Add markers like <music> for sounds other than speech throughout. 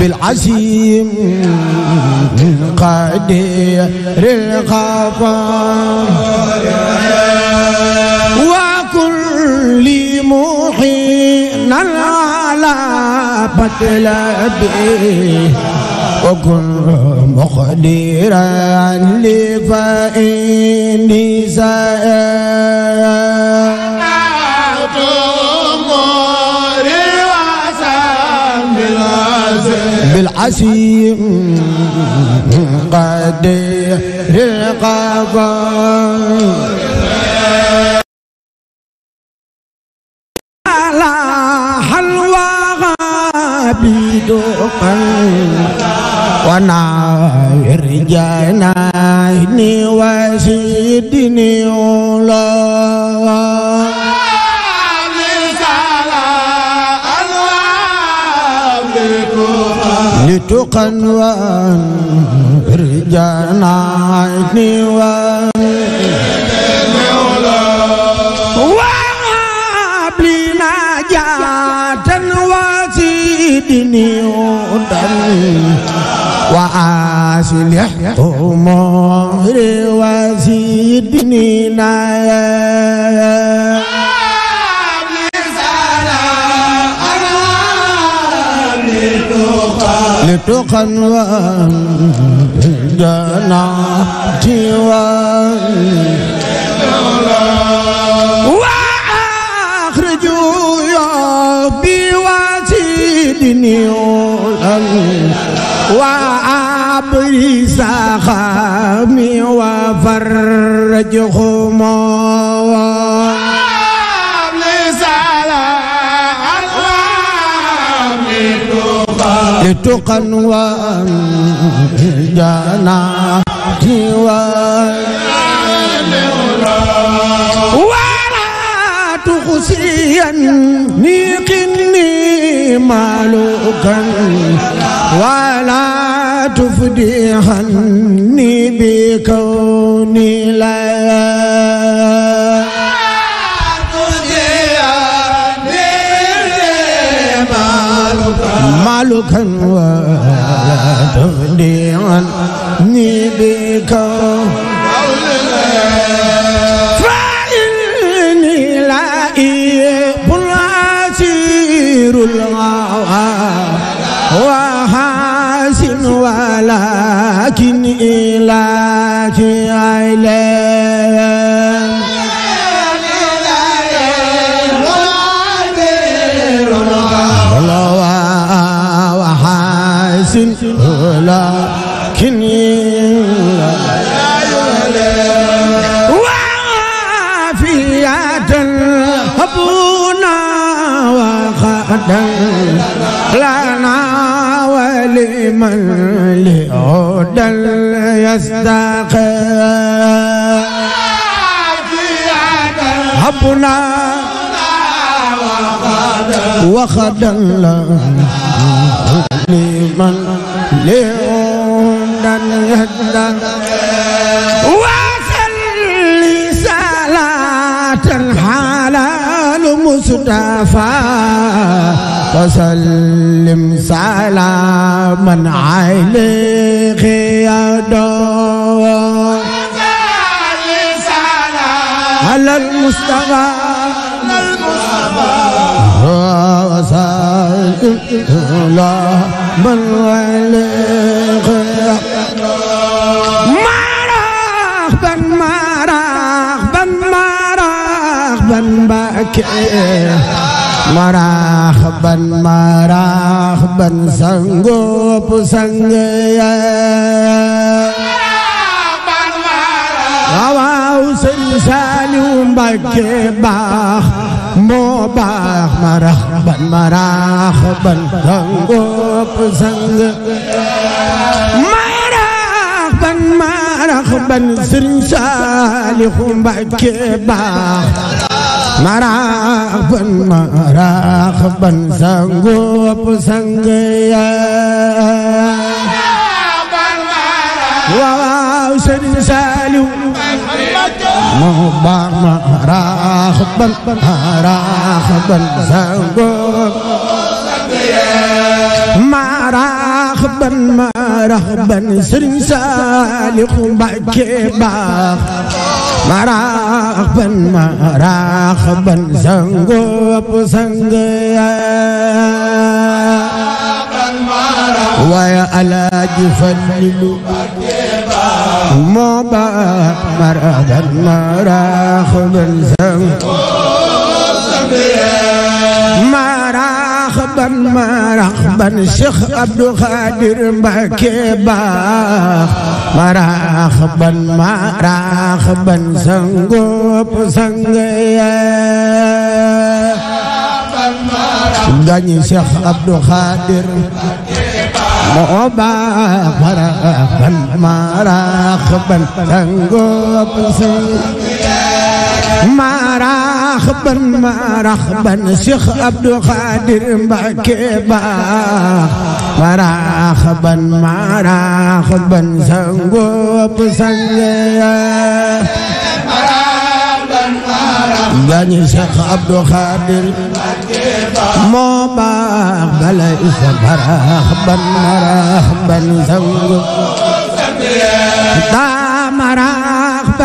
بالعزيم قدير الغفار وكل محين على بطل به وكن مقديرا لي فإني سائر بالعسيم قدير القبر على حلوى غبيد قلب ونعر جناني وسيدني الله لتقى وانر جناني وسيدني الله وهب لي نجاة وسيدني الله أصلح أموري وزدني نايا لتقن وجناتي وآخرج يا بواسدني وآخرج غير سخام وفرجهم لتقا وأنجانا ولا تخسيني قني مالوكا ولا تفدي عني بكوني لا مالكا ولا تفدي عني بكوني لنا ولمن لعود وخدا لمن لعودا يدا وخلي صلاة حلال مصطفى وسلم سلاما عليه يا دور على المصطفى وسلم سلاما عليه يا دور ما رغبا ما رغبا ما رغبا بكي marhaban marhaban sangop sang ya marhaban marhaban waaw sëñ Saliou moo baax marhaban marhaban sangop sang marhaban marhaban sëñ maraaban maraaban sangoop sang yaa waaw Sëriñ Saliw moo baax maraaban maraaban sangoop maraaban maraaban Sëriñ Saliw Mbàkke baax marhaban marhaban sangop sang waaye alaaji Falilu moo ba marhaban marhaban oh, sang ban marax ban Cheikh Abdou Khadir Mbacké baax marax ban marax ban sangop sangaya gañi Cheikh Abdou Khadir moo baax marax ban marax ban sangop sangaya mara xaban mara xaban Cheikh Abdou Khadir Mbacke ba mara xaban mara xaban sango sange gaañi Cheikh Abdou Khadir moo baax balay sa barax ban marax ban sangu daa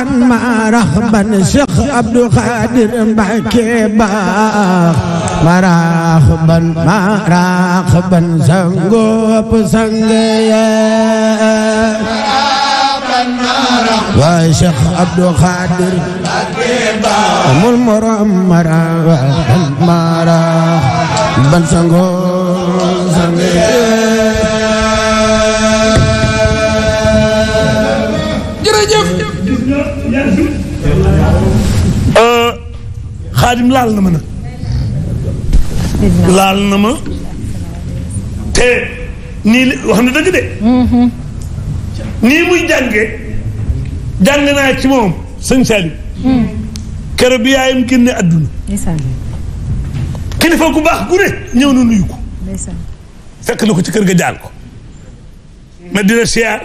rabban ma rahban Cheikh Abdou Khadir Mbacké baax ma rahban ma rahban sangop sang ya waaye Cheikh Abdou Khadir amul morom mara mara ban sango xaadim laal na ma nag laal na ma te nii wax na dëgg nii muy jànge jàng naa ci moom sëñ kere bi yaayam génne àdduna kilifa gu baax gu ne ñëw na nuyu ko fekk na ko ci kër ga jaal ko ma siyaar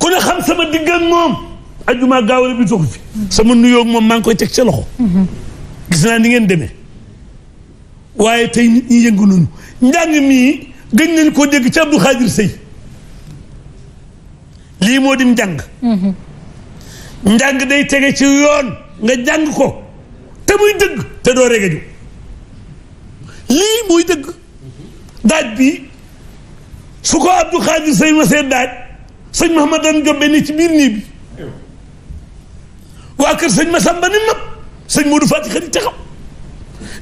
ku ne xam sama diggan moom ajuma gaawale bi toog fi sama nuyoo moom maa ngi koy teg ca loxo gis naa ni ngeen demee waaye tey nit ñi yëngu nañu njàng mii gëñ nañ koo dégg ci Abdou Khadir Sey lii moo di njàng njàng day tege ci jàng ko te muy dëgg te doo rege ju bi su ko Abdou Khadir sëy ma see daaj sëñ Mahamadan Jobbe ni ci biir nii bi waa kër sëñ Massamba ni nëpp sëñ Modou Fatick xarit taxaw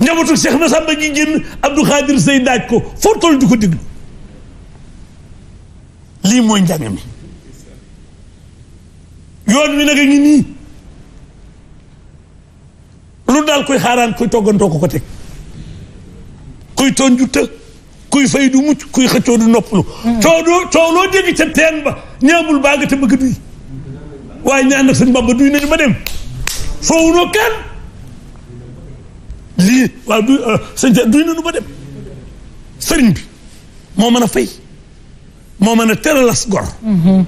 njabootu Cheikh Massamba gi génn Abdou Khadir Sey daaj ko foo toll di ko déglu lii mooy njàng yoon wi nag a ngi nii lu daal koy xaaraan koy toggantoo ko ko teg kuy toon jutta kuy fay du mucc kuy xëccoo du noppalu mm. coo doo coo ca teen ba ñaamul baaga te bëgg duy waaye ñu ànd ak sëñ Bamba duy nañu ba dem foofu noo kenn lii waaw euh, duy nañu ba dem sëriñ bi moo mën a fay moo mën a teralas gor mhm.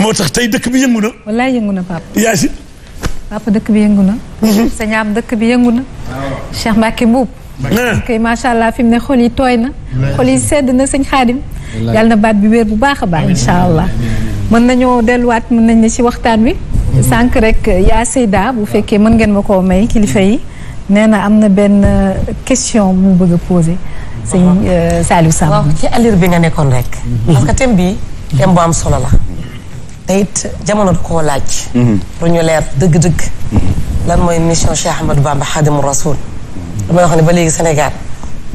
moo tax tey dëkk bi yëngu na wallaay yëngu na papa yaasin papa dëkk bi yëngu na mhm. sëñ dëkk bi yëngu na Cheikh Mbacke Mbuub kay macha allah fi mu ne xol yi tooy na xol yi sedd na sëñ Xaadim yàlla na baat bi weer bu baax a baax incha allah mën nañoo delluwaat mën nañ ne ci waxtaan wi. Mhm. sànq rek euh, yaa Seyda bu fekkee mën ngeen ma koo may kilifa yi nee na am na benn euh, question bu mu bëgg a posé. sëñ euh, Saliou Samb. waaw ci allure bi nga nekkoon rek. Mhm. parce que thème bi am solo la. te it jamono du koo laaj. Mhm. pour leer dëgg-dëgg. lan mooy mission Cheikh Ahmadou Bamba Khadimu Rasoul. damay wax ne ba léegi senegal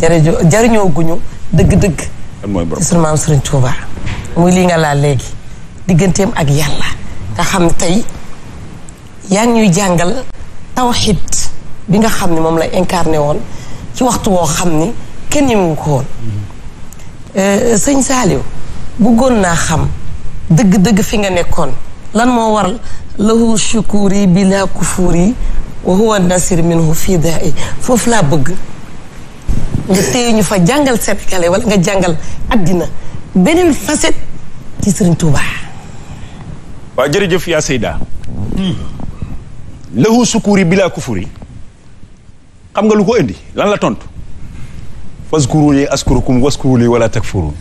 jariñoo jariñoo guñu dëgg-dëgg. lan mooy borom sunu maam muy lii nga laal léegi. digganteem ak yàlla nga xam ne tey yaa ngi ñuy jàngal tawxid bi nga xam ne moom la incarné woon ci waxtu woo xam ni kenn ñemewu ko woon euh, sëñ Saaliw bëggoon naa xam dëgg-dëgg fi nga nekkoon lan moo waral lahu shukuri bila kufuri wa huwa nasir minhu fii daay foofu laa bëgg nga téye ñu fa jàngal Sénégalais wala nga jàngal àddina beneen facette ci Sëriñ waaw jërëjëf yaa Seyda lahu bilaa bila kufuri xam nga lu ko indi lan la tontu waskuru li askurukum waskuru li wala takfurun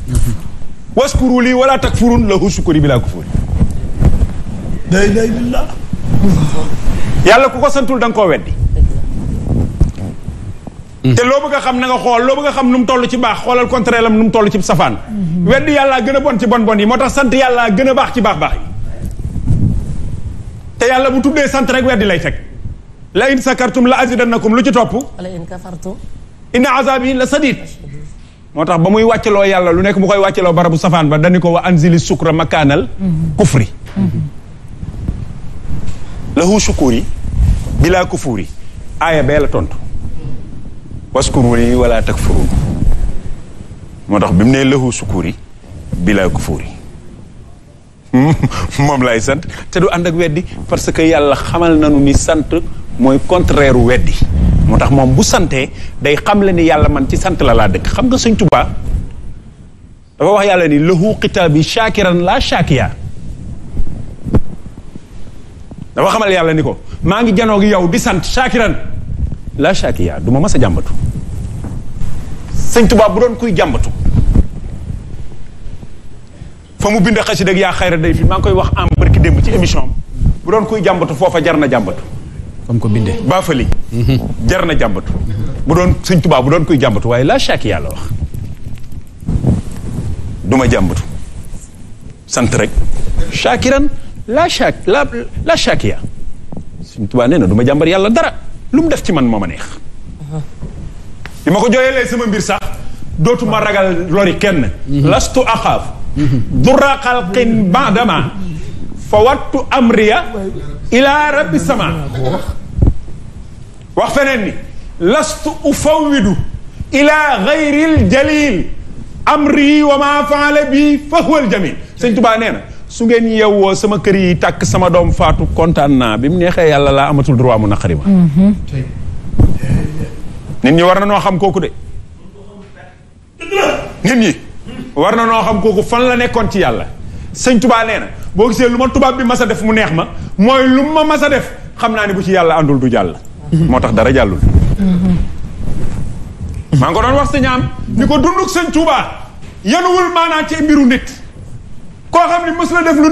waskuru li wala takfurun lahu sukuri bila kufuri la ilaha illallah yàlla ku ko santul da nga koo weddi te loo bëgg a xam na nga xool loo bëgg a xam nu mu toll ci baax xoolal contraire lam nu mu toll ci safaan weddi yàllaa gën a bon ci bon bon yi moo tax sant yàllaa gën a baax ci baax baax yi te yàlla bu tuddee sant rek weddi lay fekk la in sakartum la azidannakum lu ci topp la in kafartum inna la sadid moo tax ba muy wàccaloo yàlla lu nekk mu koy wàccaloo barabu safaan ba dani ko wa anzili sukra makaanal kufri lahu shukuri bila kufuri aaya bee la tontu waskuruni wala takfurun moo tax bi mu ne lahu shukuri bila kufuri <laughs> moom lay sant te du ànd ak weddi parce que yàlla xamal nañu ni sant mooy contraire weddi moo tax moom bu santee day xam le ni yàlla man ci sant la laa dëkk xam nga sëñ Tuubaa dafa wax yàlla ni lahu xitaabi shaakiran laa shaakiya dafa xamal yàlla ni ko maa ngi janoo gi yow di sant shaakiran laa shaakiya du ma mas a jàmbatu sëñ Tuubaa bu doon kuy jàmbatu fa mu bind xasida ak yaa xayra day fi maa ngi koy wax am barki démb ci émission bu doon kuy jàmbatu foofa jar na jàmbatu. comme ko bindee baa fali mhm. jar na jàmbatu. bu doon sëñ Tuubaa bu doon kuy jàmbatu waaye laa chaque yàlla wax du ma jàmbatu sant rek shakiran laa shak la laa na du ma jàmbar yàlla dara lu mu def ci man moo ma neex bi ma ko jooyalee sama mbir sax dootuma ragal lori kenn mhm. lastu axaaf durra xalqin baadama fa wattu amriya ila rabbi sama wax feneen ni lastu ufawwidu ila gayril jalil amri wa ma faala bi fa huwal jamil sëñ tubaa nee na su ngeen yeewoo sama kër yi tàkk sama doom faatu kontaan naa bi mu neexee yàlla laa amatul droit mu naqari ma nit ñi war na noo xam kooku de nit ñi war na noo xam kooku fan la nekkoon ci yàlla sëñ tubaa nee boo gisee lu ma tubaab bi mas a def mu neex ma mooy lu ma mas a def xam naa ni bu ci yàlla àndul du jàll moo tax dara jàllul maa ngi doon wax sëñ am ni ko dunduk sëñ tubaa yanuwul maanaa ci mbiru nit koo xam ni mës la def lu